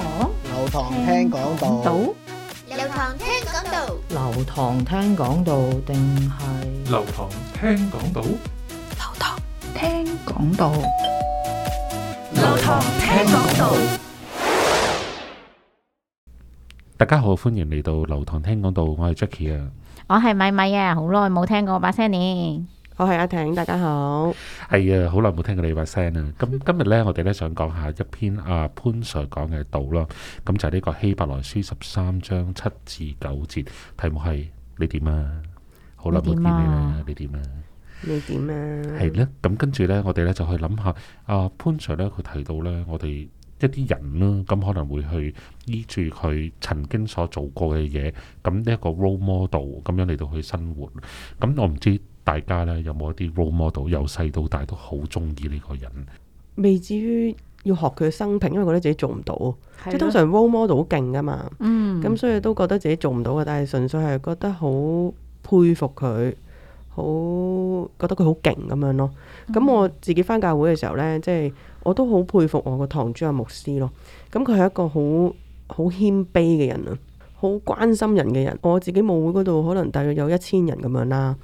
流堂聽講道，流堂聽講道，流堂聽講道定係流堂聽講道，流堂聽講道，流堂聽講道。大家好，歡迎嚟到流堂聽講道，我係 Jackie 啊，我係米米啊，好耐冇聽過我把聲你。我係阿艇，大家好。係啊，好耐冇聽過你把聲啦。咁今日咧，我哋咧想講下一篇阿潘 Sir 講嘅道咯。咁就係呢個希伯來書十三章七至九節，題目係你點啊？好耐冇見你啦，你點啊？你點啊？係咧。咁跟住咧，我哋咧就去諗下阿潘 Sir 咧，佢提到咧，我哋一啲人啦，咁可能會去依住佢曾經所做過嘅嘢，咁呢一個 role model 咁樣嚟到去生活。咁我唔知。大家咧有冇一啲 role model？由細到大都好中意呢個人，未至於要學佢嘅生平，因為覺得自己做唔到。即係的通常 role model 好勁噶嘛，咁、嗯、所以都覺得自己做唔到嘅。但係純粹係覺得好佩服佢，好覺得佢好勁咁樣咯。咁、嗯、我自己返教會嘅時候咧，即、就、係、是、我都好佩服我個堂主任牧師咯。咁佢係一個好好謙卑嘅人啊，好關心人嘅人。我自己母會嗰度可能大約有一千人咁樣啦。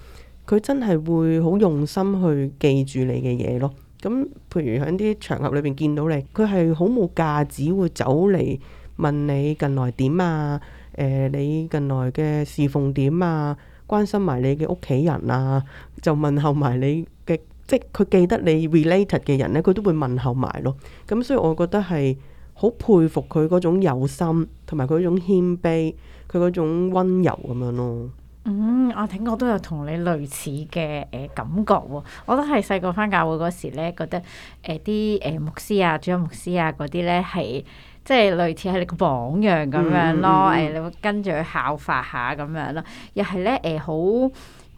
佢真係會好用心去記住你嘅嘢咯，咁譬如喺啲場合裏邊見到你，佢係好冇架子會走嚟問你近來點啊，誒、呃、你近來嘅侍奉點啊，關心埋你嘅屋企人啊，就問候埋你嘅，即係佢記得你 related 嘅人咧，佢都會問候埋咯。咁所以我覺得係好佩服佢嗰種有心，同埋佢嗰種謙卑，佢嗰種溫柔咁樣咯。嗯，我聽過都有同你類似嘅誒、呃、感覺喎。我都係細個返教會嗰時咧，覺得誒啲誒牧師啊、主任牧師啊嗰啲咧係即係類似係你個榜樣咁樣咯。誒、嗯呃，你會跟住去效法下咁樣咯，又係咧誒好。呃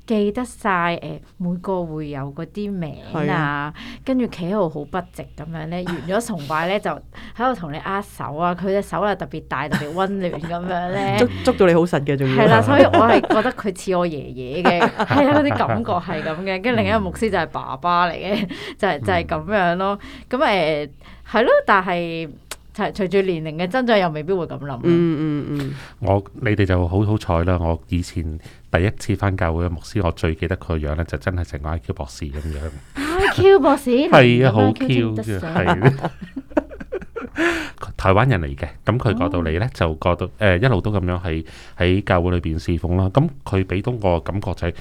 記得晒，誒，每個會有嗰啲名啊，跟住企喺度好不值咁樣咧，完咗崇拜咧就喺度同你握手啊，佢隻手啊特別大，特別溫暖咁樣咧， 捉捉到你好實嘅，仲係啦，所以我係覺得佢似我爺爺嘅，係啊，啲感覺係咁嘅，跟住另一個牧師就係爸爸嚟嘅，就係、是、就係、是、咁樣咯，咁誒係咯，但係。隨住年齡嘅增長，又未必會咁諗、嗯。嗯嗯嗯，我你哋就好好彩啦！我以前第一次翻教會嘅牧師，我最記得佢樣咧，就真係成個 IQ 博士咁樣、啊。I、啊、Q 博士係啊，好 Q 係台灣人嚟嘅，咁佢過到嚟呢，oh. 就過到誒、呃，一路都咁樣係喺教會裏邊侍奉啦。咁佢俾到我感覺就係、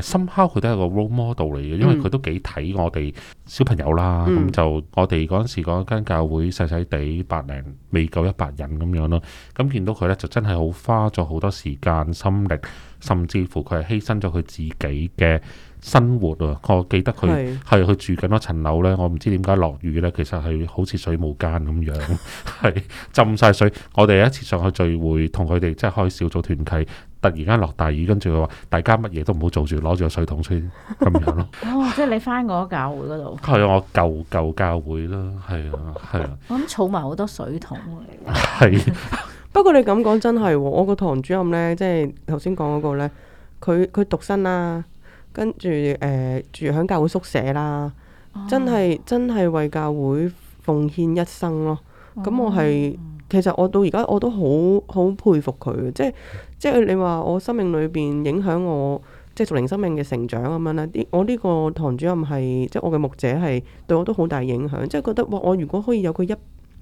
是、誒，somehow 佢都係個 role model 嚟嘅，因為佢都幾睇我哋小朋友啦。咁、mm. 就我哋嗰陣時嗰間教會細細地，百零未夠一百人咁樣咯。咁見到佢呢，就真係好花咗好多時間心力。甚至乎佢係犧牲咗佢自己嘅生活啊！我記得佢係佢住緊嗰層樓咧，我唔知點解落雨咧，其實係好似水舞間咁樣，係 浸晒水。我哋有一次上去聚會，同佢哋即係開小組團契，突然間落大雨，跟住佢話大家乜嘢都唔好做住，攞住個水桶先咁樣咯。 哦，即係你翻嗰個教會嗰度？係啊，我舊舊教會啦，係啊，係啊。我諗儲埋好多水桶，啊。係。 不過你咁講真係，我個堂主任呢，即係頭先講嗰個呢，佢佢獨身啦，跟、呃、住誒住喺教會宿舍啦，真係真係為教會奉獻一生咯。咁我係其實我到而家我都好好佩服佢，即係即係你話我生命裏邊影響我，即係屬靈生命嘅成長咁樣咧。我呢個堂主任係即係我嘅牧者係對我都好大影響，即係覺得哇，我如果可以有佢一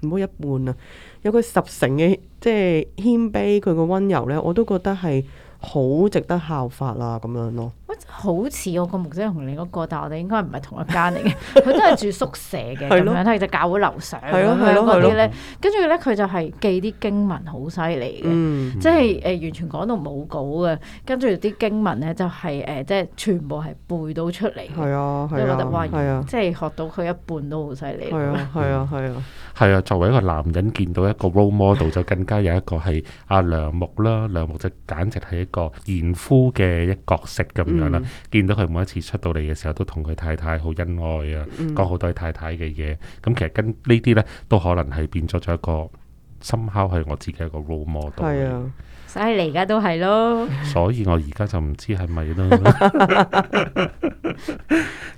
唔好一半啊！有佢十成嘅，即係謙卑，佢個温柔咧，我都覺得係。好值得效法啦，咁樣咯。好似 我個木姐同你嗰、嗰個，但係我哋應該唔係同一間嚟嘅。佢都係住宿舍嘅，咁 咯樣，佢就教嗰啲樓上。相，咁樣嗰啲咧。跟住咧，佢就係記啲經文，好犀利嘅。即係誒、呃，完全講到冇稿嘅。跟住啲經文咧、就係，就係誒，即係全部係背到出嚟。係 啊，係啊，即係、哇、學到佢一半都好犀利。係啊，係啊，係啊，係啊，啊，啊。作為一個男人，見到一個 role model 就更加有一個係阿梁木啦。梁木就簡直係。個賢夫嘅一角色咁樣啦，嗯、見到佢每一次出到嚟嘅時候，都同佢太太好恩愛啊，講好、嗯、多佢太太嘅嘢。咁其實跟呢啲呢都可能係變咗咗一個 somehow 係我自己一個 role model，嗯。所以你而家都係咯，所以我而家就唔知係咪咯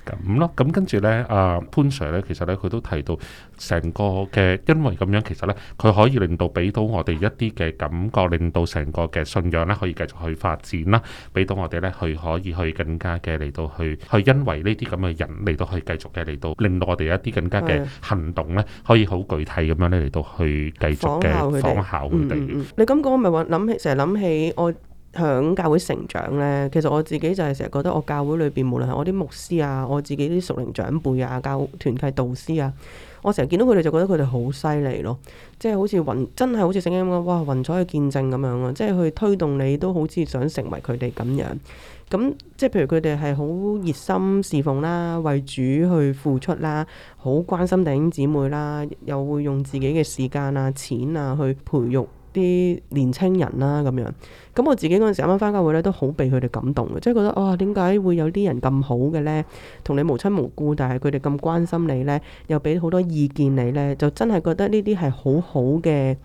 咁咯。咁跟住咧，阿潘 Sir 咧，其實咧佢都提到成個嘅，因為咁樣，其實咧佢可以令到俾到我哋一啲嘅感覺，令到成個嘅信仰咧可以繼續去發展啦，俾到我哋咧去可以去更加嘅嚟到去去，因為呢啲咁嘅人嚟到去繼續嘅嚟到，令到我哋一啲更加嘅行動咧可以好具體咁樣咧嚟到去繼續嘅仿效佢哋。嗯嗯，你咁講我咪話諗起，成日諗起我響教會成長咧，其實我自己就係成日覺得我教會裏邊無論係我啲牧師啊，我自己啲熟齡長輩啊、教團契導師啊，我成日見到佢哋就覺得佢哋好犀利咯，即係好似雲，真係好似聖經咁講，哇雲彩去見證咁樣啊，即係去推動你都好似想成為佢哋咁樣。咁即係譬如佢哋係好熱心侍奉啦、為主去付出啦、好關心弟兄姊妹啦，又會用自己嘅時間啊、錢啊去培育。啲年青人啦咁樣，咁我自己嗰陣時啱啱返教會咧，都好被佢哋感動嘅，即係覺得哇，哦，點解會有啲人咁好嘅呢？同你無親無故，但係佢哋咁關心你呢，又俾好多意見你呢。就真係覺得呢啲係好好嘅，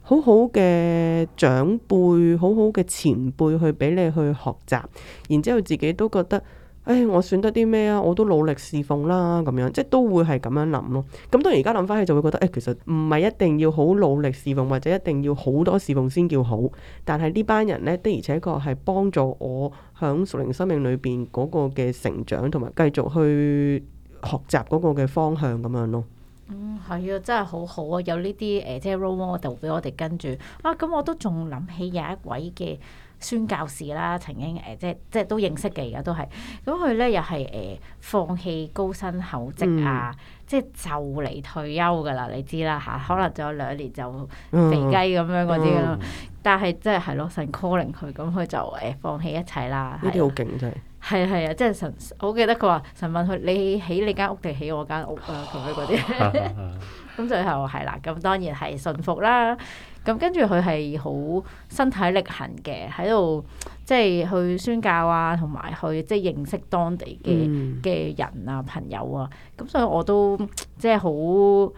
好好嘅長輩，好好嘅前輩去俾你去學習，然之後自己都覺得。唉，我選得啲咩啊？我都努力侍奉啦，咁樣即係都會係咁樣諗咯。咁當然而家諗翻起就會覺得，唉，其實唔係一定要好努力侍奉，或者一定要好多侍奉先叫好。但係呢班人咧的而且確係幫助我響屬靈生命裏邊嗰個嘅成長，同埋繼續去學習嗰個嘅方向咁樣咯。嗯，係啊，真係好好啊！有呢啲誒，即係 role model 俾我哋跟住啊。咁我都仲諗起有一位嘅宣教士啦，曾經誒即即都認識嘅，而家都係咁佢咧又係誒、呃、放棄高薪厚職啊，嗯、即就嚟退休噶啦，你知啦嚇，可能仲有兩年就肥雞咁樣嗰啲咯。嗯嗯、但係即係咯，神 calling 佢，咁佢就誒、呃、放棄一切啦。呢啲好勁，真係。係啊係啊，即係神，我記得佢話神問佢：你起你間屋定起我間屋啊？佢嗰啲。 咁最後係啦，咁當然係信服啦。咁跟住佢係好身體力行嘅，喺度即係去宣教啊，同埋去即係認識當地嘅嘅人啊、朋友啊。咁所以我都即係好。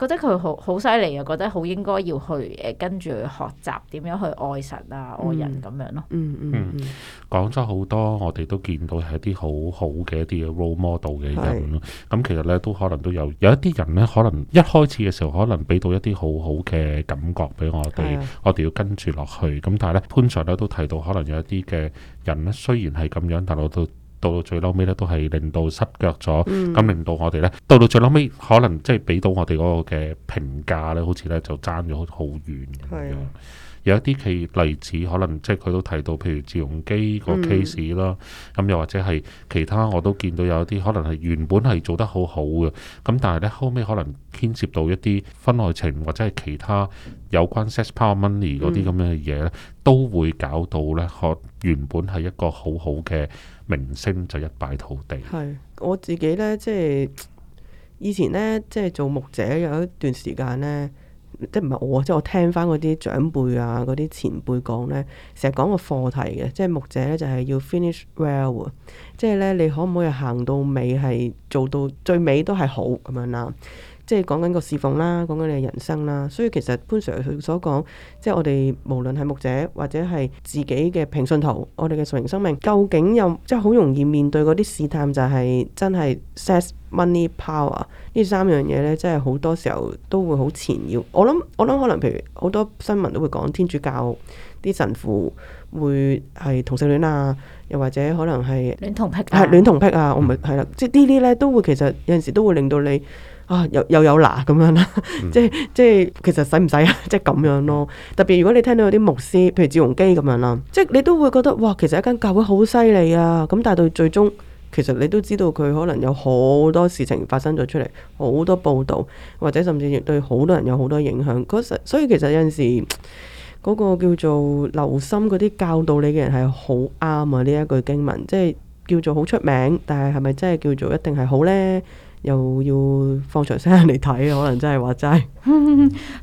覺得佢好好犀利啊！覺得好應該要去誒跟住學習點樣去愛神啊、愛人咁樣咯、嗯。嗯嗯嗯，嗯，講咗好多，我哋都見到係一啲好好嘅一啲 role model 嘅人咯。咁是、嗯、其實咧都可能都有有一啲人咧，可能一開始嘅時候可能俾到一啲好好嘅感覺俾我哋，啊、我哋要跟住落去。咁但係咧潘 Sir 咧都提到，可能有一啲嘅人咧，雖然係咁樣，但我都。到到最嬲尾咧，都係令到失腳咗，咁、嗯、令到我哋咧，到到最嬲尾，可能即係俾到我哋嗰個嘅評價咧，好似咧就爭咗好遠咁樣。的有一啲企業例子，可能即係佢都提到，譬如自動機個 case 啦、嗯，咁又或者係其他，我都見到有一啲可能係原本係做得好好嘅，咁但係咧後尾可能牽涉到一啲婚外情或者係其他有關 sex power money 嗰啲咁、嗯、樣嘅嘢咧，都會搞到咧，可原本係一個好好嘅。明星就一敗塗地。係我自己咧，即係以前咧，即係做牧者有一段時間咧，即係唔係我，即係我聽翻嗰啲長輩啊、嗰啲前輩講咧，成日講個課題嘅，即係牧者咧就係、是、要 finish well，即係咧你可唔可以行到尾係做到最尾都係好咁樣啦。即係講緊個侍奉啦，講緊你嘅人生啦，所以其實潘 Sir 佢所講，即係我哋無論係牧者或者係自己嘅平信徒，我哋嘅屬靈生命，究竟又即係好容易面對嗰啲試探、就是，就係真係 sex money power 呢三樣嘢咧，真係好多時候都會好纏繞。我諗我諗可能譬如好多新聞都會講天主教啲神父會係同性戀啊，又或者可能係戀童癖、啊，係戀童癖啊，嗯、我唔係係啦，即係呢啲咧都會其實有陣時都會令到你。啊，又又有嗱咁樣啦、嗯，即係即係其實使唔使啊？即係咁樣咯。特別如果你聽到有啲牧師，譬如趙鏞基咁樣啦，即係你都會覺得哇，其實一間教會好犀利啊。咁但係到最終，其實你都知道佢可能有好多事情發生咗出嚟，好多報導，或者甚至亦對好多人有好多影響。嗰時所以其實有陣時嗰、嗰個叫做留心嗰啲教導你嘅人係好啱啊！呢一句經文，即係叫做好出名，但係係咪真係叫做一定係好呢？又要放長線嚟睇，可能真係話齋。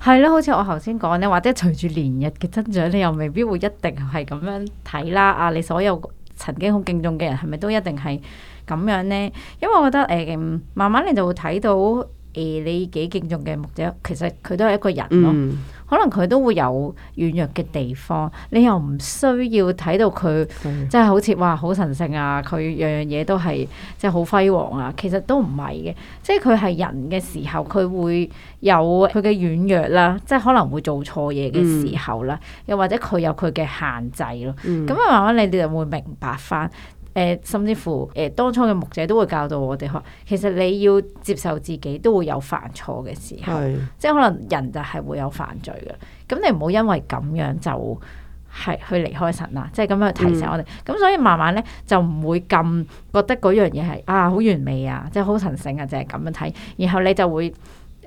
係咯，好似我頭先講咧，或者隨住年日嘅增長，你又未必會一定係咁樣睇啦。啊，你所有曾經好敬重嘅人，係咪都一定係咁樣呢？因為我覺得誒、呃，慢慢你就會睇到誒、呃，你幾敬重嘅牧者，其實佢都係一個人咯。嗯，可能佢都會有軟弱嘅地方，你又唔需要睇到佢，即係對好似哇好神聖啊！佢樣樣嘢都係即係好輝煌啊！其實都唔係嘅，即係佢係人嘅時候，佢會有佢嘅軟弱啦，即係可能會做錯嘢嘅時候啦，嗯、又或者佢有佢嘅限制咯。咁慢慢你哋就會明白返。誒、呃，甚至乎誒、呃，當初嘅牧者都會教到我哋，話其實你要接受自己都會有犯錯嘅時候，是即係可能人就係會有犯罪噶。咁你唔好因為咁樣就係去離開神啦，即係咁樣去提醒我哋。咁、嗯、所以慢慢咧，就唔會咁覺得嗰樣嘢，係啊好完美啊，即係好神聖啊，淨係咁樣睇。然後你就會誒、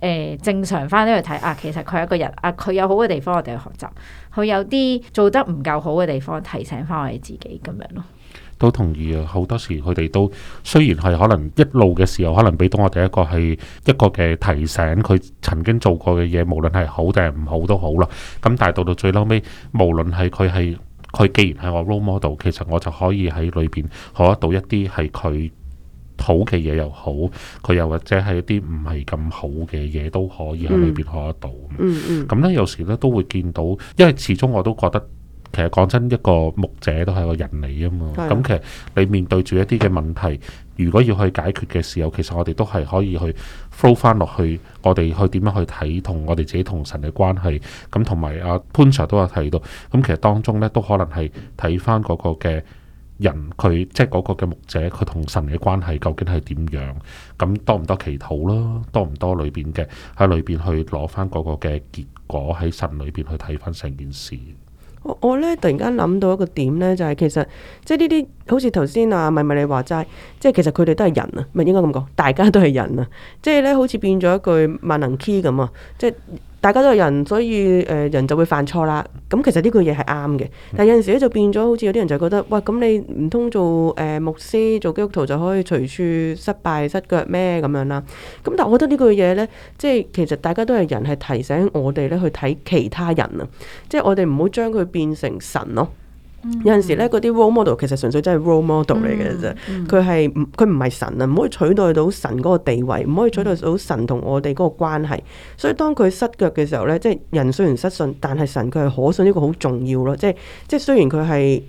呃、正常翻呢度睇啊，其實佢係一個人啊，佢有好嘅地方我哋去學習，佢有啲做得唔夠好嘅地方提醒翻我哋自己咁樣咯。嗯都同意啊！好多時佢哋都雖然係可能一路嘅時候，可能俾到我哋一個係一個嘅提醒，佢曾經做過嘅嘢，無論係好定係唔好都好啦。咁但係到到最嬲尾，無論係佢係佢，既然係我 role model，其實我就可以喺裏邊學得到一啲係佢好嘅嘢又好，佢又或者係一啲唔係咁好嘅嘢都可以喺裏邊學得到。嗯嗯。咁咧有時咧都會見到，因為始終我都覺得。其實講真，一個牧者，都係個人嚟啊嘛。咁的其實你面對住一啲嘅問題，如果要去解決嘅時候，其實我哋都係可以去 flow 翻落去，我哋去點樣去睇同我哋自己同神嘅關係。咁同埋阿潘 Sir 都有睇到，咁其實當中呢都可能係睇翻嗰個嘅人，佢即係嗰個嘅牧者，佢同神嘅關係究竟係點樣？咁多唔多祈禱咯？多唔多裏邊嘅？喺裏邊去攞翻嗰個嘅結果，喺神裏邊去睇翻成件事。我我咧突然間諗到一個點咧，就係、是、其實即係呢啲好似頭先啊咪咪你話齋，即係、啊、其實佢哋都係人啊，咪應該咁講，大家都係人啊，即係咧好似變咗一句萬能 key 咁啊，即係。大家都係人，所以誒、呃、人就會犯錯啦。咁其實呢句嘢係啱嘅，但有陣時咧就變咗好似有啲人就覺得，哇！咁你唔通做誒牧師做基督徒就可以隨處失敗失腳咩咁樣啦？咁但我覺得呢句嘢呢，即係其實大家都係人，係提醒我哋咧去睇其他人啊，即係我哋唔好將佢變成神咯。 有陣時咧，嗰啲 role model 其實純粹真係 role model 嚟嘅啫，佢係唔，佢唔係神啊，唔可以取代到神嗰個地位，唔可以取代到神同我哋嗰個關係。所以當佢失腳嘅時候咧，即係人雖然失信，但係神佢係可信呢個好重要咯。即係即係雖然佢係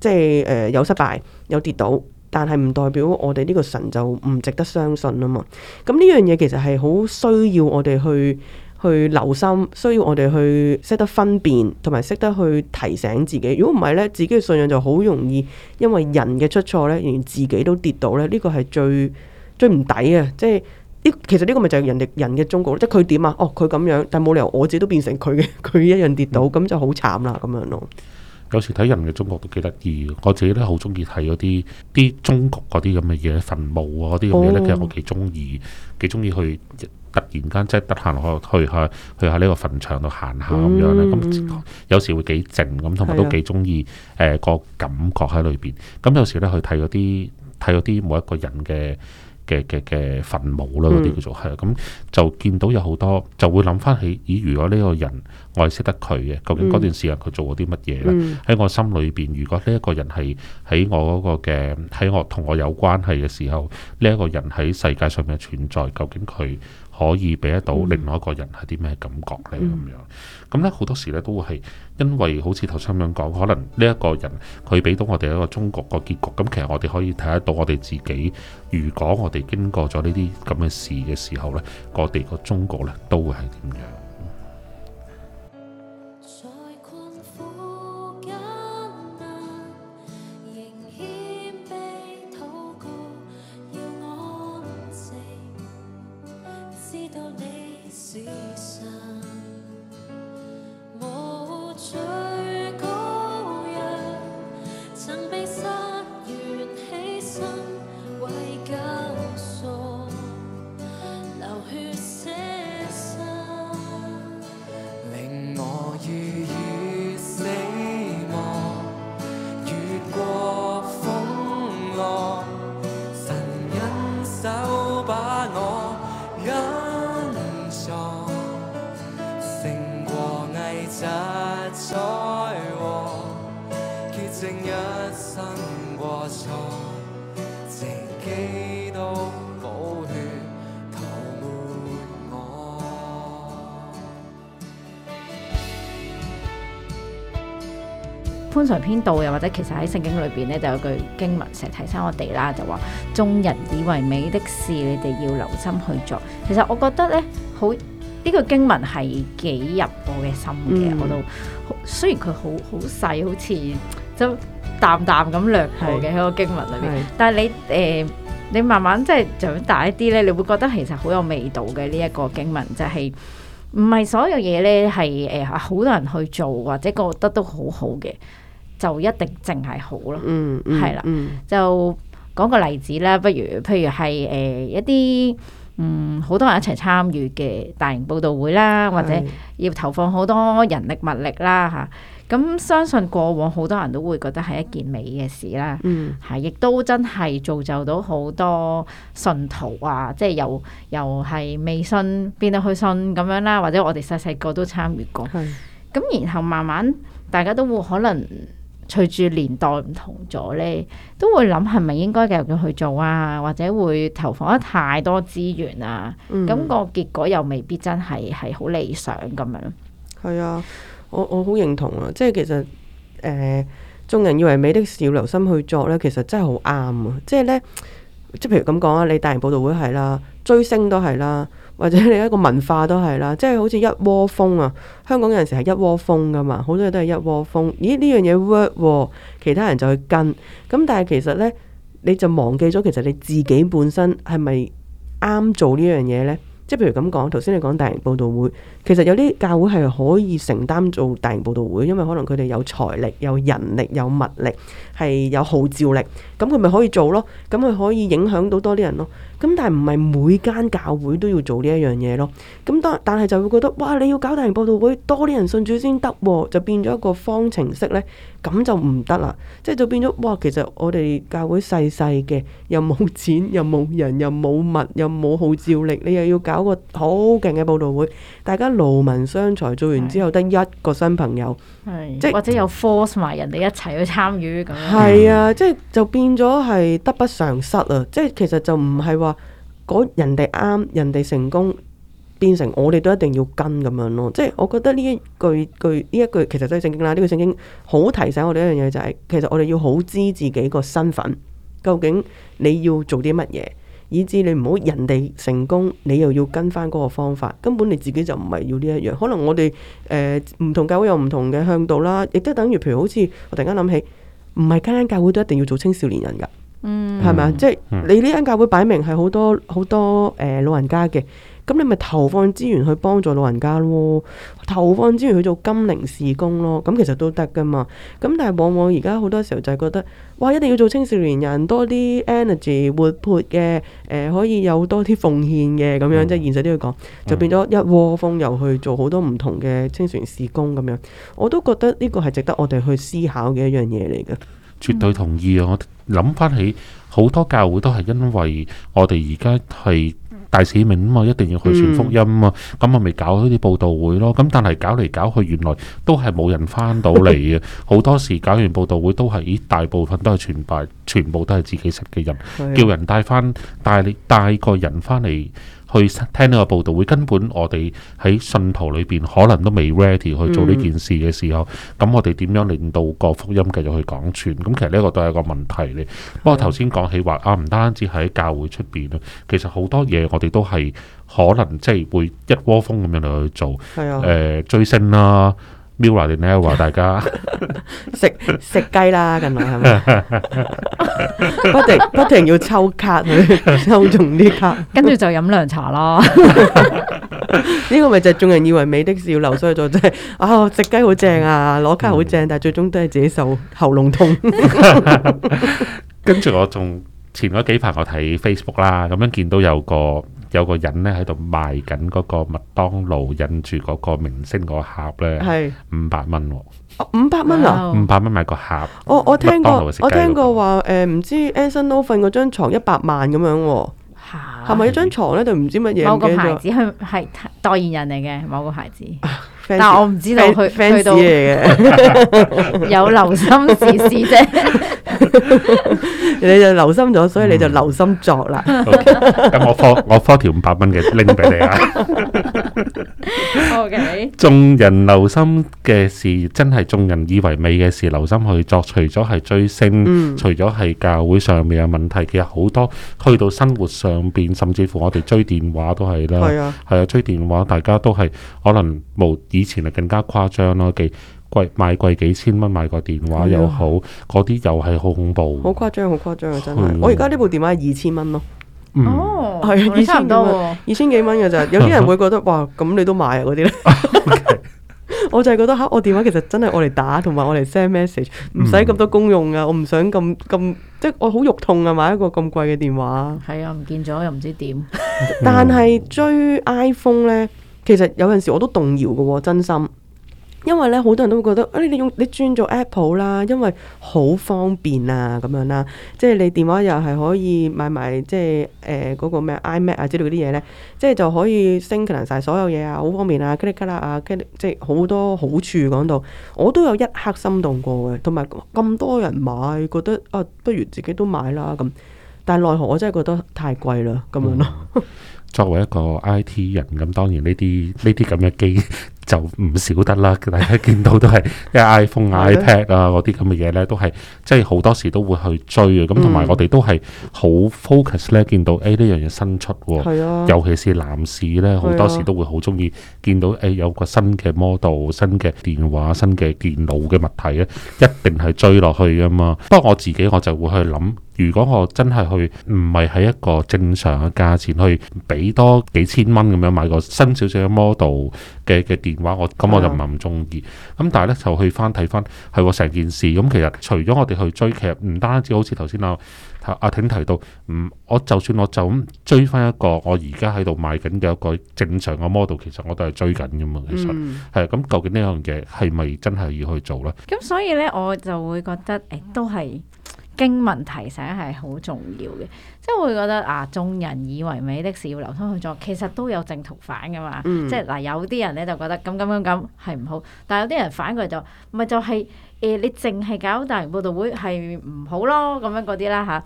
即係誒有失敗有跌倒，但係唔代表我哋呢個神就唔值得相信啊嘛。咁呢樣嘢其實係好需要我哋去。去留心，需要我哋去識得分辨，同埋識得去提醒自己。如果唔係呢，自己嘅信仰就好容易，因為人嘅出錯呢，連自己都跌倒呢。呢、這個係最最唔抵嘅，即係其實呢個咪就係人哋人嘅忠告，即係佢點啊？哦，佢咁樣，但係冇理由我自己都變成佢嘅，佢一樣跌倒，咁、嗯、就好慘啦，咁樣咯。有時睇人嘅忠告都幾得意，我自己都好中意睇嗰啲啲忠告嗰啲咁嘅嘢，墳墓啊嗰啲咁嘢，其實我幾中意，幾中意去。突然間即係得閒，我去下去下呢個墳場度行下咁樣咧，咁、嗯、有時會幾靜咁，同埋都幾鍾意誒個感覺喺裏邊。咁有時咧去睇嗰啲睇嗰啲每一個人嘅嘅嘅嘅墳墓啦。嗰啲叫做係咁、嗯嗯、就見到有好多，就會諗翻起咦、呃？如果呢個人我係識得佢嘅，究竟嗰段時間佢做過啲乜嘢咧？喺、嗯嗯、我心裏邊，如果呢一個人係喺我嗰個嘅喺我同我有關係嘅時候，呢、這、一個人喺世界上面存在，究竟佢？可以俾得到另外一個人係啲咩感覺呢？咁、嗯、樣，咁咧好多時咧都會係因為好似頭先咁樣講，可能呢一個人佢俾到我哋一個中國個結局，咁其實我哋可以睇得到我哋自己，如果我哋經過咗呢啲咁嘅事嘅時候呢，我哋個中國呢，都會係點樣？通常編導又或者其實喺聖經裏邊咧就有句經文，成日提醒我哋啦，就話眾人以為美的事，你哋要留心去做。其實我覺得咧，好呢、呢個經文係幾入我嘅心嘅。嗯、我都雖然佢好好細，好似就淡淡咁掠過嘅喺是個經文裏邊。是但係你誒、呃，你慢慢即係長大一啲咧，你會覺得其實好有味道嘅呢一個經文，就係唔係所有嘢咧係誒好多人去做或者覺得都好好嘅。就一定淨係好咯，係、嗯嗯、啦，就講個例子啦，不如譬如係誒、呃、一啲嗯好多人一齊參與嘅大型佈道會啦，嗯、或者要投放好多人力物力啦嚇，咁、啊、相信過往好多人都會覺得係一件美嘅事啦，係亦、嗯啊、都真係造就到好多信徒啊，即係又又係未信變到去信咁樣啦，或者我哋細細個都參與過，咁、嗯、然後慢慢大家都會可能。隨住年代唔同咗呢，都會諗係咪應該繼續去做啊？或者會投放得太多資源啊？咁、嗯、個結果又未必真係係好理想咁樣。係啊，我我好認同啊！即係其實誒，眾、呃、人以為美的事要留心去做呢，其實真係好啱啊！即係呢，即係譬如咁講啊，你大型報道會係啦，追星都係啦。或者你一個文化都係啦，即係好似一窩蜂啊！香港有陣時係一窩蜂噶嘛，好多嘢都係一窩蜂。咦？呢樣嘢 work 喎、啊，其他人就去跟。咁但係其實呢，你就忘記咗其實你自己本身係咪啱做呢樣嘢呢？即係譬如咁講，頭先你講大型佈道會，其實有啲教會係可以承擔做大型佈道會，因為可能佢哋有財力、有人力、有物力，係有號召力，咁佢咪可以做咯？咁佢可以影響到多啲人咯。咁但係唔係每間教會都要做呢一樣嘢咯？咁但但係就會覺得哇，你要搞大型報道會，多啲人信主先得，就變咗一個方程式呢，咁就唔得啦。即係就變咗哇，其實我哋教會細細嘅，又冇錢，又冇人，又冇物，又冇號召力，你又要搞個好勁嘅報道會，大家勞民傷財，做完之後得一個新朋友，的即係或者又 force 埋人哋一齊去參與咁樣。係啊，即係就變咗係得不償失啊！即係其實就唔係話。人哋啱，人哋成功變成我哋都一定要跟咁樣咯。即係我覺得呢一句句呢一句其實都係聖經啦。呢個聖經好提醒我哋一樣嘢，就是，就係其實我哋要好知自己個身份，究竟你要做啲乜嘢？以至你唔好人哋成功，你又要跟翻嗰個方法，根本你自己就唔係要呢一樣。可能我哋誒唔同教會有唔同嘅向度啦，亦都等於譬如好似我突然間諗起，唔係間間教會都一定要做青少年人噶。嗯，係咪啊？即係你呢間教會擺明係好多好、嗯、多誒老人家嘅，咁你咪投放資源去幫助老人家咯，投放資源去做金齡事工咯，咁其實都得噶嘛。咁但係往往而家好多時候就係覺得，哇，一定要做青少年人多啲 energy 活潑嘅，誒、呃、可以有多啲奉獻嘅咁樣，嗯、即係現實啲去講，就變咗一窩蜂又去做好多唔同嘅青少年事工咁樣。我都覺得呢個係值得我哋去思考嘅一樣嘢嚟嘅。絕對同意啊！我。諗翻起，好多教會都係因為我哋而家係大使命啊嘛，一定要去傳福音啊嘛，咁我咪搞啲佈道會咯。咁但係搞嚟搞去，原來都係冇人翻到嚟嘅。好 多時搞完佈道會都係，咦，大部分都係全拜，全部都係自己識嘅人， 叫人帶翻帶你帶個人翻嚟。去聽呢個報導，會根本我哋喺信徒裏邊可能都未 ready 去做呢件事嘅時候，咁、嗯、我哋點樣令到個福音繼續去講傳？咁其實呢個都係一個問題嚟的、啊。不過頭先講起話啊，唔單止喺教會出邊啦，其實好多嘢我哋都係可能即係、就是、會一窩蜂咁樣嚟去做。係的、呃、追星啦。b i l d 定 new 啊！Mirror Mirror，大家 食食雞啦，近來係咪？ 不停不停要抽卡去抽 中啲卡，跟住就飲涼茶啦。呢 個咪就係眾人以為美的事，流衰咗真係啊！食雞好正啊，攞卡好正，嗯、但係最終都係自己受喉嚨痛。 跟住我仲前嗰幾排，我睇 Facebook 啦，咁樣見到有個。有個人咧喺度賣緊嗰個麥當勞印住嗰個明星個盒咧，五百蚊喎，五百蚊啊，五百蚊買個盒。Oh, 我我聽過，我聽過話誒，唔、呃、知 Anson Lo 嗰張牀一百萬咁樣喎，係咪有張床咧？就唔知乜嘢某個牌子，係係代言人嚟嘅某個牌子。 Fancy, 但係我唔知道佢去到有留心事事啫，你就留心咗，所以你就留心作啦。嗯 okay。咁我方我方條五百蚊嘅拎俾你啊。OK，眾人留心嘅事，真係眾人以為美嘅事，留心去作。除咗係追星，嗯、除咗係教會上面嘅問題，其實好多去到生活上邊，甚至乎我哋追電話都係啦。係、嗯、啊，係啊，追電話，大家都係可能無以前啊更加誇張咯。幾貴買貴幾千蚊買個電話又好，嗰啲又係好恐怖，好誇張，好誇張啊！真係，我而家呢部電話係二千蚊咯。Mm. 哦，係是二千多，二千幾蚊嘅咋？有啲人會覺得 哇，咁你都買啊嗰啲咧？我就係覺得吓，我電話其實真係我嚟打，同埋我嚟 send message，唔使咁多功用㗎！我唔想咁咁，即係我好肉痛啊！買一個咁貴嘅電話，係啊，唔見咗又唔知點。 但係追 iPhone 咧，其實有陣時我都動搖嘅，真心。因為咧，好多人都會覺得，誒你用你轉做 Apple 啦，因為好方便啊，咁樣啦，即係你電話又係可以買埋，即係誒嗰個咩 iMac 啊之類嗰啲嘢咧，即係就可以 sync 晒所有嘢啊，好方便啊啦啊，ara, ara, 即係好多好處講到，我都有一刻心動過嘅，同埋咁多人買，覺得啊不如自己都買啦咁，但奈何我真係覺得太貴啦，咁樣咯，嗯。 作為一個 IT 人，咁當然呢啲呢啲咁嘅機。就唔少得啦。大家見到都係，iPhone、iPad 啊嗰啲咁嘅嘢呢，的都係即係好多時都會去追嘅。咁同埋我哋都係好 focus 呢，見到誒呢樣嘢新出喎，的尤其是男士呢，好多時都會好鍾意見到誒、哎、有個新嘅 model、新嘅電話、新嘅電腦嘅物體咧，一定係追落去㗎嘛。不過我自己我就會去諗，如果我真係去唔係喺一個正常嘅價錢去俾多幾千蚊咁樣買個新少少嘅 model。嘅嘅電話我咁我就唔係咁中意，咁的但係咧就去翻睇翻係喎成件事，咁其實除咗我哋去追劇，唔單止好似頭先阿阿阿婷提到，嗯，我就算我就咁追翻一個我而家喺度賣緊嘅一個正常嘅 model，其實我都係追緊㗎嘛，其實係咁，嗯、究竟呢樣嘢係咪真係要去做咧？咁、嗯、所以咧，我就會覺得誒、哎，都係。經文提醒係好重要嘅，即係會覺得啊，眾人以為美的事要流通去做，其實都有正途反㗎嘛，嗯、即係嗱有啲人咧就覺得咁咁樣咁係唔好，但係有啲人反過嚟就唔係就係誒你淨係搞大型佈道會係唔好咯咁樣嗰啲啦嚇，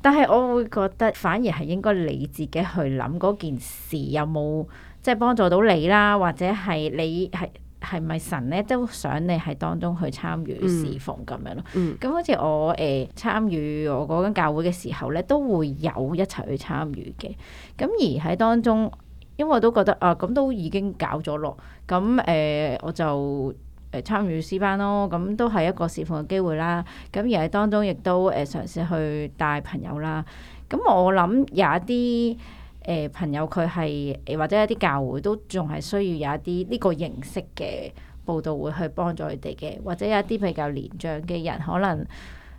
但係我會覺得反而係應該你自己去諗嗰件事有冇即係幫助到你啦，或者係你係。係咪神咧都想你喺當中去參與侍奉咁樣咯？咁好似我誒參與我嗰間教會嘅時候咧，都會有一齊去參與嘅。咁而喺當中，因為我都覺得啊，咁都已經搞咗落，咁誒我就誒參與詩班咯。咁都係一個侍奉嘅機會啦。咁而喺當中亦都誒嘗試去帶朋友啦。咁我諗有一啲。誒、呃、朋友佢係或者一啲教會都仲係需要有一啲呢個形式嘅佈道會去幫助佢哋嘅，或者有一啲比較年長嘅人可能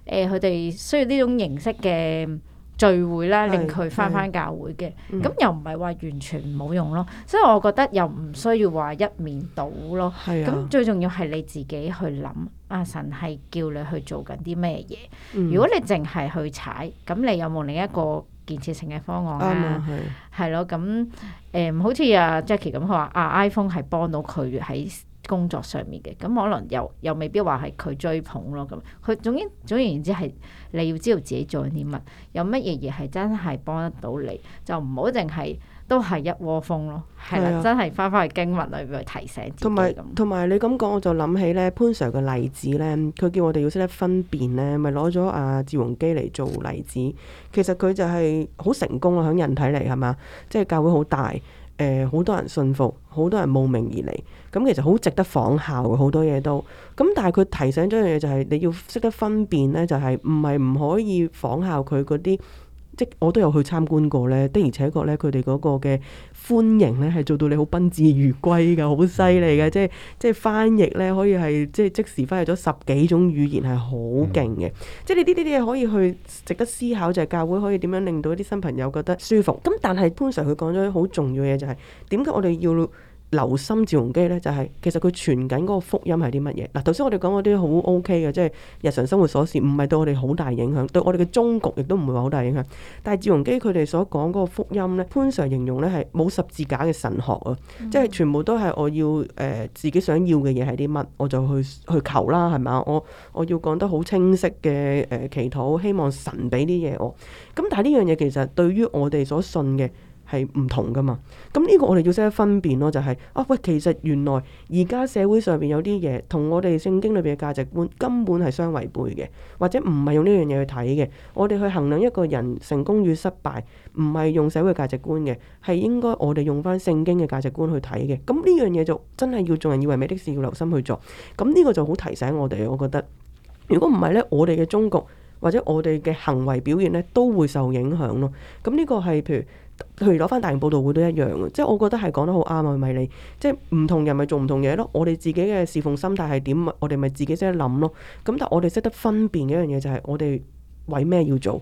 誒佢哋需要呢種形式嘅聚會啦，令佢返返教會嘅。咁又唔係話完全唔好用咯，嗯、所以我覺得又唔需要話一面倒咯。咁、啊、最重要係你自己去諗，阿神係叫你去做緊啲咩嘢？嗯、如果你淨係去踩，咁你有冇另一個建設性嘅方案啦、啊，係咯、嗯，咁誒、嗯，好似阿 Jackie 咁，佢話啊 iPhone 係幫到佢喺工作上面嘅，咁可能又又未必話係佢追捧咯，咁佢總之總言之係你要知道自己做緊啲乜，有乜嘢嘢係真係幫得到你，就唔好淨係。都係一窩蜂咯，係啦，真係翻翻去經文裏邊去提醒自己同埋，同埋你咁講，我就諗起咧潘 sir 嘅例子咧，佢叫我哋要識得分辨咧，咪攞咗阿趙鏞基嚟做例子。其實佢就係好成功啊，響人睇嚟係嘛，即係、就是、教會好大，誒、呃，好多人信服，好多人慕名而嚟。咁其實好值得仿效嘅，好多嘢都。咁但係佢提醒咗一樣嘢，就係、是、你要識得分辨咧，就係唔係唔可以仿效佢嗰啲。即我都有去參觀過咧，的而且確咧，佢哋嗰個嘅歡迎咧，係做到你好賓至如歸嘅，好犀利嘅，即係，即係，即係翻譯咧可以係即即時翻譯咗十幾種語言，係好勁嘅，即你呢啲啲嘢可以去值得思考就係、是、教會可以點樣令到啲新朋友覺得舒服。咁但係潘 Sir 佢講咗啲好重要嘢，就係點解我哋要？留心趙鏞基咧、OK，就係其實佢傳緊嗰個福音係啲乜嘢？嗱，頭先我哋講嗰啲好 O K 嘅，即係日常生活所事，唔係對我哋好大影響，對我哋嘅中局亦都唔會話好大影響。但係趙鏞基佢哋所講嗰個福音咧，潘 Sir 形容咧係冇十字架嘅神學啊，即係、嗯、全部都係我要誒自己想要嘅嘢係啲乜，我就去去求啦，係咪？我我要講得好清晰嘅誒祈禱，希望神俾啲嘢我。咁但係呢樣嘢其實對於我哋所信嘅。係唔同噶嘛？咁、嗯、呢、這個我哋要識得分辨咯，就係、是、啊喂，其實原來而家社會上邊有啲嘢，同我哋聖經裏邊嘅價值觀根本係相違背嘅，或者唔係用呢樣嘢去睇嘅。我哋去衡量一個人成功與失敗，唔係用社會價值觀嘅，係應該我哋用翻聖經嘅價值觀去睇嘅。咁、嗯、呢樣嘢就真係要眾人以為美的事，要留心去做。咁、嗯、呢、這個就好提醒我哋，我覺得如果唔係呢，我哋嘅中國或者我哋嘅行為表現呢，都會受影響咯。咁、嗯、呢、這個係譬如。譬如譬如譬如譬譬如攞翻大型報道會都一樣嘅，即係我覺得係講得好啱啊，咪你，即係唔同人咪做唔同嘢咯。我哋自己嘅侍奉心態係點，我哋咪自己識得諗咯。咁但係我哋識得分辨一樣嘢就係、是、我哋為咩要做，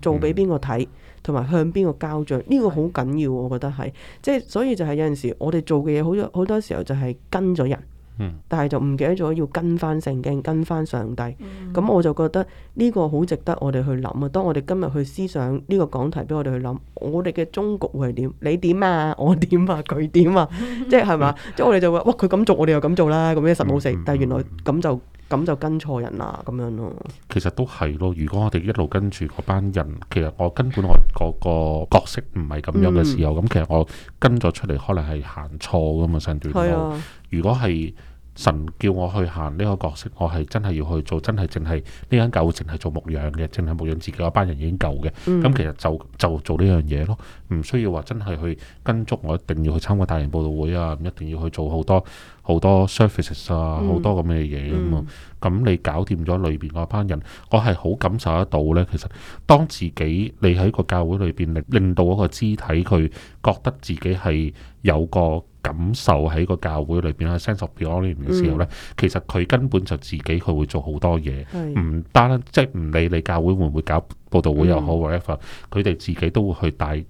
做俾邊個睇，同埋向邊個交賬。呢個好緊要，我覺得係，即係所以就係有陣時我哋做嘅嘢好多好多時候就係跟咗人。嗯，但係就唔記得咗要跟翻聖經，跟翻上帝。咁、嗯、我就覺得呢個好值得我哋去諗啊！當我哋今日去思想呢個講題，俾我哋去諗，我哋嘅中國會係點？你點啊？我點啊？佢點啊？ 即係係嘛？ 即係我哋就會話，哇！佢咁做，我哋又咁做啦。咁樣十冇四，嗯嗯嗯、但係原來咁就。咁就跟錯人啦，咁樣咯。其實都係咯，如果我哋一路跟住嗰班人，其實我根本我嗰個角色唔係咁樣嘅時候，咁、嗯、其實我跟咗出嚟，可能係行錯噶嘛，上段路。嗯、如果係神叫我去行呢個角色，我係真係要去做，真係淨係呢間教會淨係做牧養嘅，淨係牧養自己嗰班人已經夠嘅。咁、嗯、其實就就做呢樣嘢咯，唔需要話真係去跟足我，一定要去參加大型佈道會啊，一定要去做好多。好多 services 啊，好多咁嘅嘢啊嘛。咁、嗯嗯、你搞掂咗裏邊嗰班人，我係好感受得到咧。其實當自己你喺個教會裏邊，令令到嗰個肢體佢覺得自己係有個感受喺個教會裏邊啊，sense of belonging 嘅時候咧，其實佢根本就自己佢會做好多嘢，唔、嗯、單即係唔理你教會會唔會搞佈道會又好、嗯、whatever，佢哋自己都會去帶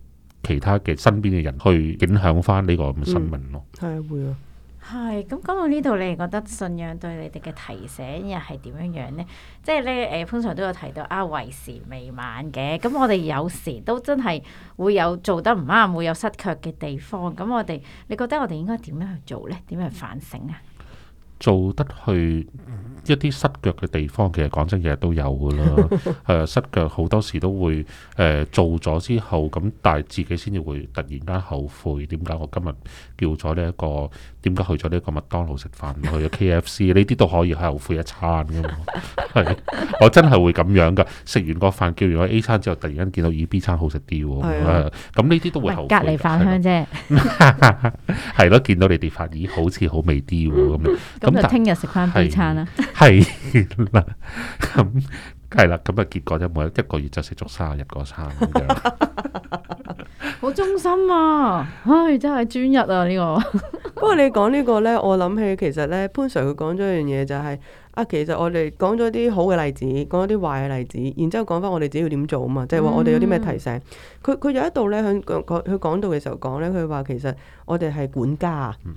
其他嘅身邊嘅人去影響翻呢個咁嘅生命咯、啊。係啊、嗯，會啊。係，咁講到呢度，你覺得信仰對你哋嘅提醒又係點樣樣咧？即係咧，誒、呃，通常都有提到啊，為時未晚嘅。咁我哋有時都真係會有做得唔啱，會有失卻嘅地方。咁我哋，你覺得我哋應該點樣去做咧？點樣去反省啊？做得去一啲失腳嘅地方，其實講真，日日都有噶啦。誒、 啊，失腳好多時都會誒、呃、做咗之後，咁但係自己先至會突然間後悔。點解我今日叫咗呢一個？點解去咗呢個麥當勞食飯去咗 k F C 呢啲都可以係後悔一餐噶嘛。 係，我真係會咁樣噶食完個飯，叫完我 A 餐之後，突然間見到咦、e、B 餐好食啲，咁呢啲都會後悔。隔籬飯香啫，係咯，見到你哋飯咦好似好味啲咁樣，咁就聽日食翻 B 餐啦。係 啦，咁係啦，咁啊、嗯嗯、結果就冇一個月就食足三十日個餐，好 忠心啊！唉、哎，真係專一啊呢、這個。不過你講呢個咧，我諗起其實咧潘 Sir 佢講咗一樣嘢就係、是。啊，其實我哋講咗啲好嘅例子，講咗啲壞嘅例子，然之後講翻我哋自己要點做啊嘛，即係話我哋有啲咩提醒。佢佢、嗯、有一度咧，喺佢講道嘅時候講咧，佢話其實我哋係管家，嗯、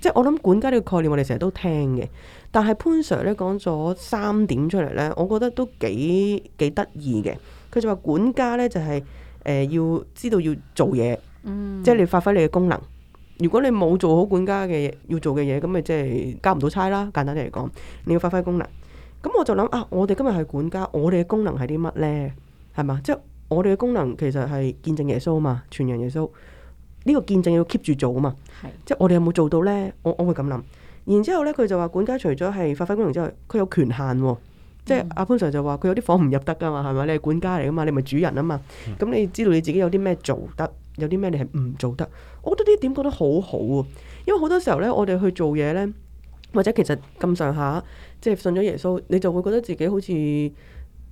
即係我諗管家呢個概念我哋成日都聽嘅，但係潘 Sir 咧講咗三點出嚟咧，我覺得都幾幾得意嘅。佢就話管家咧就係誒要知道要做嘢，嗯、即係你發揮你嘅功能。如果你冇做好管家嘅嘢，要做嘅嘢，咁咪即係交唔到差啦。簡單啲嚟講，你要發揮功能。咁我就諗啊，我哋今日係管家，我哋嘅功能係啲乜咧？係嘛，即係我哋嘅功能其實係見證耶穌啊嘛，傳人耶穌。呢、這個見證要 keep 住做啊嘛，是即係我哋有冇做到咧？我我會咁諗。然之後咧，佢就話管家除咗係發揮功能之外，佢有權限、啊，嗯、即係阿潘 Sir 就話佢有啲房唔入得噶嘛，係咪？你係管家嚟噶嘛，你咪主人啊嘛。咁、嗯嗯、你知道你自己有啲咩做得？有啲咩你係唔做得？我覺得呢點覺得好好、啊、喎，因為好多時候咧，我哋去做嘢咧，或者其實咁上下，即係信咗耶穌，你就會覺得自己好似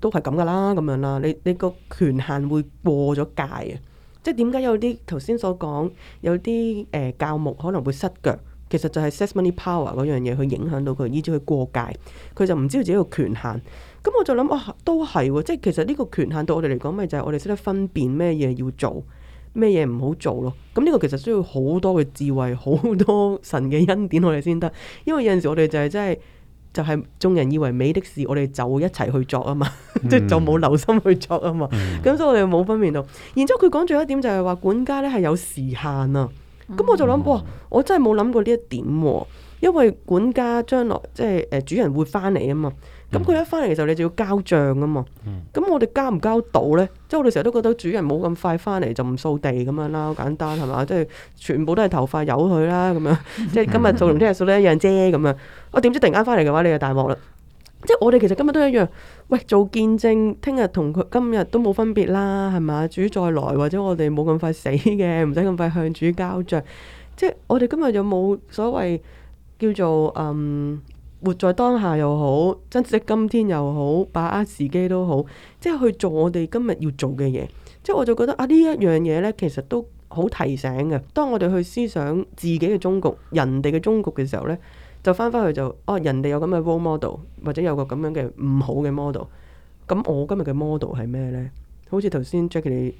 都係咁噶啦，咁樣啦。你你個權限會過咗界啊！即係點解有啲頭先所講有啲誒、呃、教牧可能會失腳，其實就係 testimony power 嗰樣嘢去影響到佢，以至佢過界，佢就唔知道自己個權限。咁我就諗啊，都係喎、啊，即係其實呢個權限對我哋嚟講，咪就係我哋識得分辨咩嘢要做。咩嘢唔好做咯？咁呢個其實需要好多嘅智慧，好多神嘅恩典我哋先得。因為有陣時我哋就係真係，就係、是、眾人以為美的事，我哋就一齊去作啊嘛，即係、嗯、 就冇留心去作啊嘛。咁、嗯、所以我哋冇分辨到。然之後佢講咗一點就係話管家咧係有時限啊。咁、嗯、我就諗，哇！我真係冇諗過呢一點、啊，因為管家將來即係誒主人會翻嚟啊嘛。咁佢、嗯、一翻嚟嘅時候，你就要交賬噶嘛，咁、嗯、我哋交唔交到咧？即係我哋成日都覺得主人冇咁快翻嚟就唔掃地咁樣啦，簡單係嘛？即係全部都係頭髮油佢啦咁樣，即係今日做同聽日做咧一樣啫咁樣。我、啊、點知突然間翻嚟嘅話你就大鑊啦？即係我哋其實今日都一樣，喂做見證，聽日同佢今日都冇分別啦，係嘛？主再來或者我哋冇咁快死嘅，唔使咁快向主交賬。即係我哋今日有冇所謂叫做嗯？活在當下又好，珍惜今天又好，把握時機都好，即係去做我哋今日要做嘅嘢。即係我就覺得啊，呢一樣嘢呢，其實都好提醒嘅。當我哋去思想自己嘅終局、人哋嘅終局嘅時候呢，就翻返去就哦，啊、人哋有咁嘅 role model，或者有個咁樣嘅唔好嘅 model。咁我今日嘅 model 係咩呢？好似頭先 Jackie 你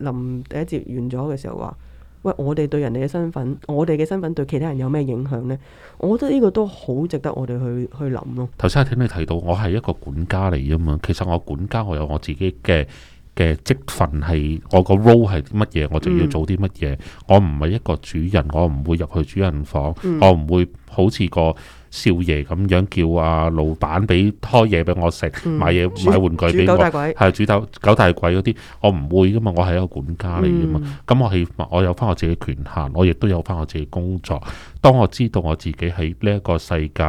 臨第一節完咗嘅時候話。喂，我哋對人哋嘅身份，我哋嘅身份對其他人有咩影響呢？我覺得呢個都好值得我哋去去諗咯、哦。頭先聽你提到，我係一個管家嚟㗎嘛，其實我管家我有我自己嘅嘅積分職份係，我個 role 係乜嘢，我就要做啲乜嘢。嗯、我唔係一個主人，我唔會入去主人房，嗯、我唔會好似個少爺咁樣叫啊，老闆俾開嘢俾我食，買嘢、嗯、買玩具俾我，係煮斗九大鬼嗰啲，我唔會噶嘛，我係一個管家嚟噶嘛，咁、嗯、我起碼我有翻我自己權限，我亦都有翻我自己工作。當我知道我自己喺呢一個世界，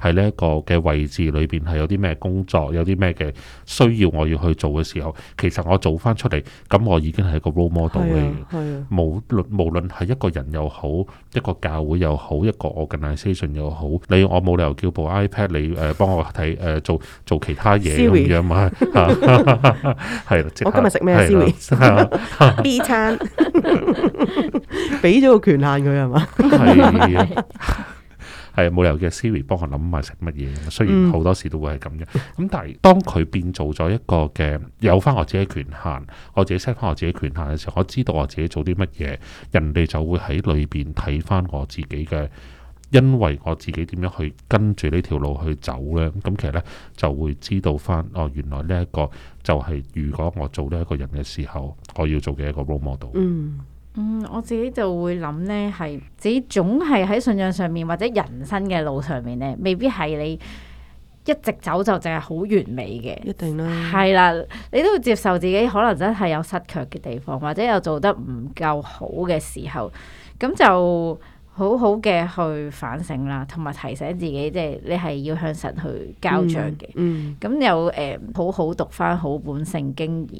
喺呢一個嘅位置裏邊係有啲咩工作，有啲咩嘅需要我要去做嘅時候，其實我做翻出嚟，咁我已經係一個 role model 嚟嘅。無論無論係一個人又好，一個教會又好，一個 organization 又好，你我冇理由叫部 iPad 你，誒幫我睇，誒做做其他嘢咁樣嘛。係啦，我今日食咩？係啊，B 餐俾咗個權限佢係嘛？係。係冇 理由嘅，Siri 幫我諗埋食乜嘢。雖然好多時都會係咁樣，咁、嗯、但係當佢變做咗一個嘅有翻我自己權限，我自己 set 翻我自己權限嘅時候，我知道我自己做啲乜嘢，人哋就會喺裏邊睇翻我自己嘅，因為我自己點樣去跟住呢條路去走咧。咁其實咧就會知道翻哦，原來呢一個就係如果我做呢一個人嘅時候，我要做嘅一個 role model。嗯。嗯，我自己就會諗呢，係自己總係喺信仰上面或者人生嘅路上面呢未必係你一直走就淨係好完美嘅。一定啦。係啦，你都要接受自己可能真係有失腳嘅地方，或者有做得唔夠好嘅時候，咁就好好嘅去反省啦，同埋提醒自己，即係你係要向神去交賬嘅。嗯。嗯。咁又誒，好好讀翻好本聖經而。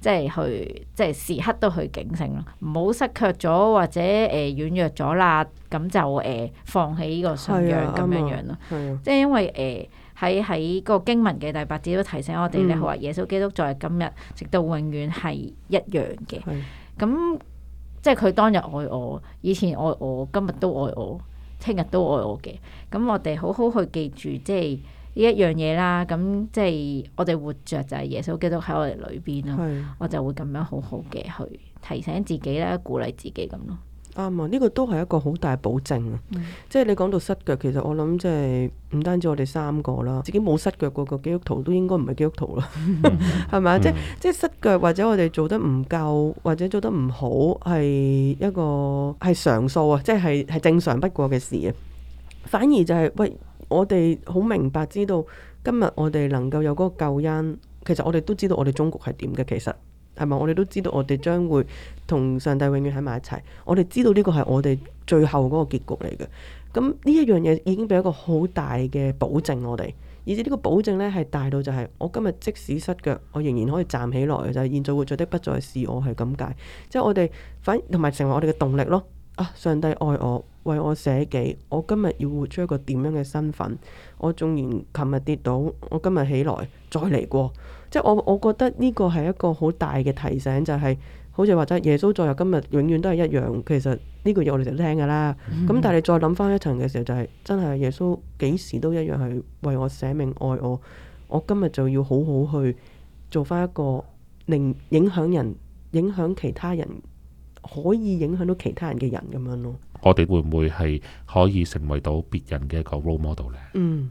即係去，即係時刻都去警醒咯，唔好失卻咗或者誒軟、呃、弱咗啦，咁就誒、呃、放棄呢個信仰咁、啊、樣樣咯。啊、即係因為誒喺喺個經文嘅第八節都提醒我哋咧，你話耶穌基督在今日直到永遠係一樣嘅。咁、嗯、即係佢當日愛我，以前愛我，今日都愛我，聽日都愛我嘅。咁我哋好好去記住，即係。呢一樣嘢啦，咁即係我哋活着就係耶穌基督喺我哋裏邊咯，是我就會咁樣好好嘅去提醒自己啦，鼓勵自己咁咯。啱啊、嗯，呢、呢個都係一個好大保證啊！嗯、即係你講到失腳，其實我諗即係唔單止我哋三個啦，自己冇失腳嗰個基督徒都應該唔係基督徒啦，係咪啊？即係即係失腳或者我哋做得唔夠或者做得唔好，係一個係常數啊！即係係正常不過嘅事啊！事事 反而就係、是、喂。我哋好明白知道今日我哋能夠有嗰個救恩，其實我哋都知道我哋中國係點嘅，其實係咪？我哋都知道我哋將會同上帝永遠喺埋一齊。我哋知道呢個係我哋最後嗰個結局嚟嘅。咁呢一樣嘢已經俾一個好大嘅保證我哋，而且呢個保證咧係大到就係我今日即使失腳，我仍然可以站起來，就係現在活着的不再是我，係咁解。即係我哋反同埋成為我哋嘅動力咯。啊！上帝愛我，為我捨己，我今日要活出一個點樣嘅身份？我縱然琴日跌倒，我今日起來再嚟過。即係我，我覺得呢個係一個好大嘅提醒，就係、是、好似話齋耶穌昨日今日永遠都係一樣。其實呢句嘢我哋就聽㗎啦。咁、mm hmm. 但係你再諗翻一層嘅時候，就係、是、真係耶穌幾時都一樣係為我捨命愛我。我今日就要好好去做翻一個令影響人、影響其他人。可以影響到其他人嘅人噉樣囉。我哋會唔會係可以成為到別人嘅一個 role model 呢？嗯。